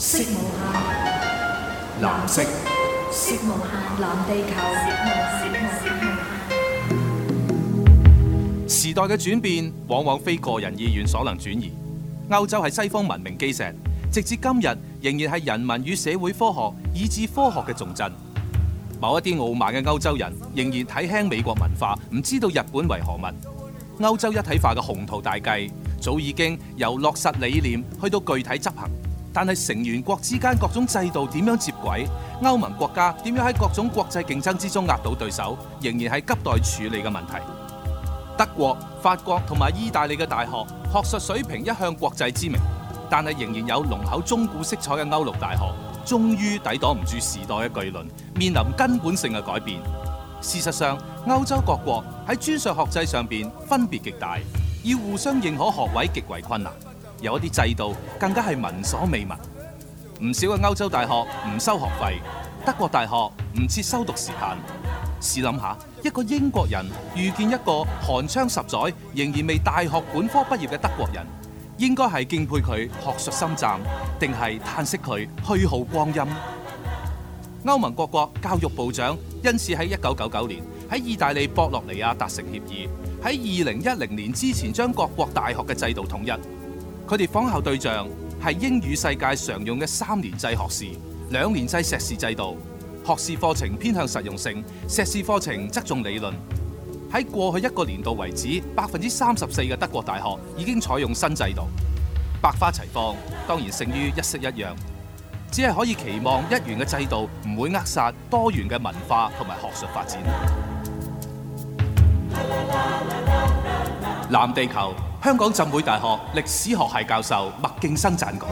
色無限，藍色。色無限，藍地球。時代嘅轉變，往往非個人意願所能轉移。歐洲係西方文明基石，直至今日仍然係人文與社會科學以至科學嘅重鎮。某一啲傲慢嘅歐洲人仍然睇輕美國文化，唔知道日本為何物。歐洲一體化嘅鴻圖大計，早已經由落實理念去到具體執行。但係成員國之間各種制度點樣接軌？歐盟國家點樣喺各種國際競爭之中壓倒對手，仍然係急待處理嘅問題。德國、法國同埋意大利嘅大學學術水平一向國際知名，但係仍然有濃厚中古色彩嘅歐陸大學，終於抵擋唔住時代嘅巨輪，面臨根本性嘅改變。事實上，歐洲各國喺專上學制上面分別極大，要互相認可學位極為困難。有一啲制度更加係聞所未聞，唔少嘅歐洲大學唔收學費，德國大學唔設修讀時限。試諗下，一個英國人遇見一個寒窗十載仍然未大學本科畢業嘅德國人，應該係敬佩佢學術深湛，定係嘆息佢虛耗光陰？歐盟各國教育部長因此喺一九九九年喺意大利博洛尼亞達成協議，喺二零一零年之前將各國大學嘅制度統一。佢哋仿效對象係英語世界常用嘅三年制學士、兩年制碩士制度。學士課程偏向實用性，碩士課程則重理論。喺過去一個年度為止，百分之三十四嘅德國大學已經採用新制度。百花齊放，當然勝於一式一樣。只係可以期望一元嘅制度唔會扼殺多元嘅文化同埋學術發展。藍地球。香港浸會大學歷史學系教授麥勁生撰稿。